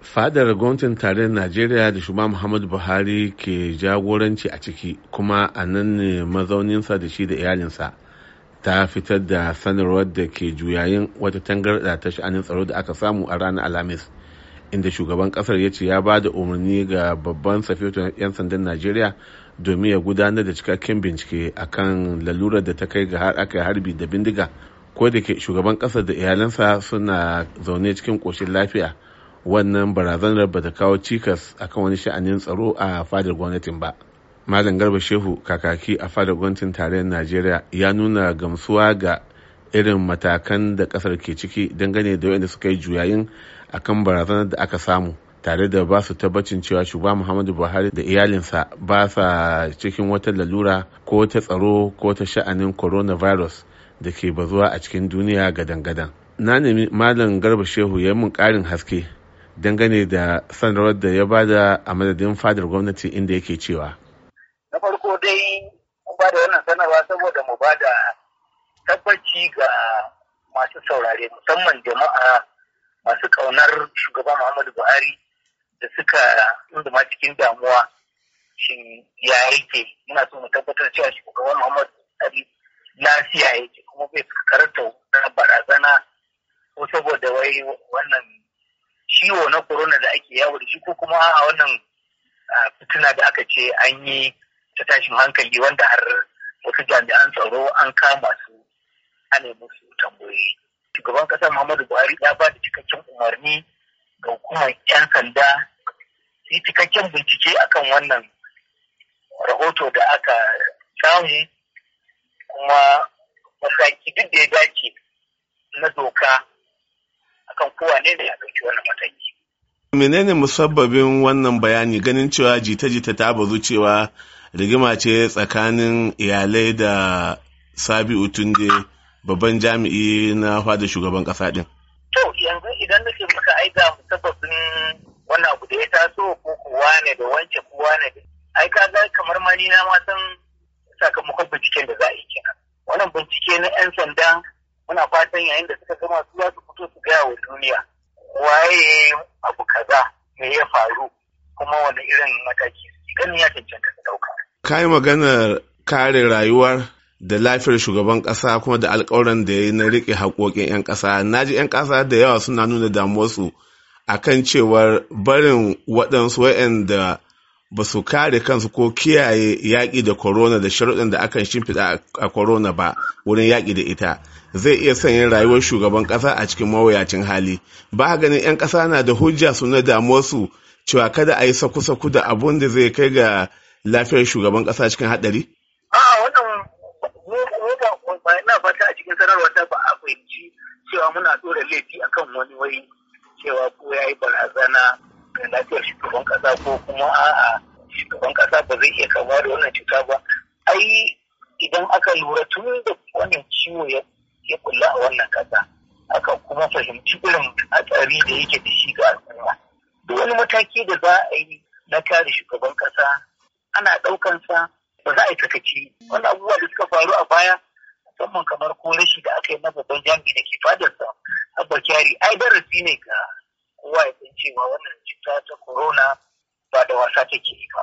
fadar gwamnatin tarayyar najeriya da shugaba muhammadu buhari ke jagoranci a ciki kuma a nan ne mazauninsa da shi da iyalinsa ta fitar da sanarwar da ke juyayin wata tangarɗa ta sha'anin tsaro da aka samu a ranar alhamis inda shugaban kasar ya ce ya ba da umarni ga babban safeto 'yan sandan najeriya domin ya gudanar da cikakken bincike a kan lalurar da ta kai ga har aka harbi da bindiga ko da ke shugaban kasar da iyalansa suna zaune cikin koshin lafiya wannan barazanar ba ta kawo cikas akan wani sha'anin tsaro a fadar gwamnatin ba malam garba shehu kakaki a fadar gwamnatin tarayyar najeriya ya nuna gamsuwa ga irin matakan da kasar ke ciki dangane da wanda suka yi juyayin akan barazanar da aka samu tare da ba su tabbacin cewa shugaba muhammadu buhari da iyalinsa ba sa cikin wata lalura ko ta tsaro ko ta sha'anin coronavirus da ke bazuwa a cikin duniya gadan-gadan na nemi malam garba shehu ya yi mun ƙarin haske dangane da sanarwar da ya bada a madadin fadar gwamnati inda yake cewa. Na farko dai mu ba da wannan sanarwa saboda mu ba da tabbaci ga masu saurare musamman jama'a masu kaunar shugaba Muhammadu Buhari da suka tsunduma cikin damuwa shin ya yake muna so mu tabbatar cewa shugaba Muhammadu Buhari lafiya ciwo na corona da ake yawo da shi ko kuma a wannan fituna da aka ce an yi ta tashin hankali wanda har wasu jami'an tsaro an kama su ana musu tambayoyi. Shugaban ƙasa Muhammadu Buhari ya ba da cikakken umarni ga hukumar 'yan sanda su yi cikakken bincike akan wannan rahoto da aka samu kuma masaki duk da ya dace na doka akan kowa ne da ya ɗauki wannan mataki. Menene musabbabin wannan bayani ganin cewa jita-jita ta bazu cewa rigima ce tsakanin iyalai da Sabi'u Tunde babban jami'i na fada shugaban kasa din. To yanzu idan nake maka aika musabbabin wannan abu da ya taso ko kuwa ne da wance kuwa ne ai ka ga kamar mani na ma san sakamakon binciken da za a yi kenan. Wannan bincike na 'yan sanda muna fatan yayin da suka gama su za su fito su gaya wa duniya waye abu kaza me ya faru kuma wani irin mataki ganin ya cancanta su dauka. Ka yi maganar kare rayuwar da lafiyar shugaban ƙasa kuma da alƙawarin da ya yi na riƙe haƙoƙin 'yan ƙasa na ji 'yan ƙasa da yawa suna nuna damuwarsu akan cewar barin waɗansu waɗanda ba su kare kansu ko kiyaye yaƙi da korona da sharuɗin da akan shimfiɗa a corona ba wurin yaƙi da ita zai iya sanya rayuwar shugaban ƙasa a cikin mawuyacin hali ba ganin 'yan ƙasa na da hujja su na damuwarsu cewa kada a yi saku-saku da abun da zai kai ga lafiyar shugaban ƙasa cikin haɗari? a wannan na fata a cikin sanarwar ta ba a cewa muna ɗora laifi akan wani wai cewa ko ya yi barazana da lafiyar shugaban kasa ko kuma a'a shugaban kasa ba zai iya kama da wannan cuta ba ai idan aka lura tun da wannan ciwo ya kulla a wannan kasa aka kuma fahimci irin hatsari da yake da shi ga al'umma duk wani mataki da za a yi na kare shugaban kasa ana ɗaukansa ba za a yi takaci. wannan abubuwa da suka faru a baya musamman kamar ko rashi da aka yi na babban jami'i da ke fadarsa abba kyari ai darasi ne ga kowa ya san cewa wannan cuta ta corona ba da wasa take ba.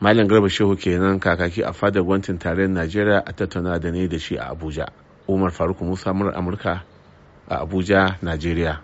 Malam Garba Shehu kenan kakaki a fadar gwamnatin tarayyar Najeriya a tattauna da ne da shi a Abuja. Umar Faruk Musa Amurka a Abuja, Najeriya.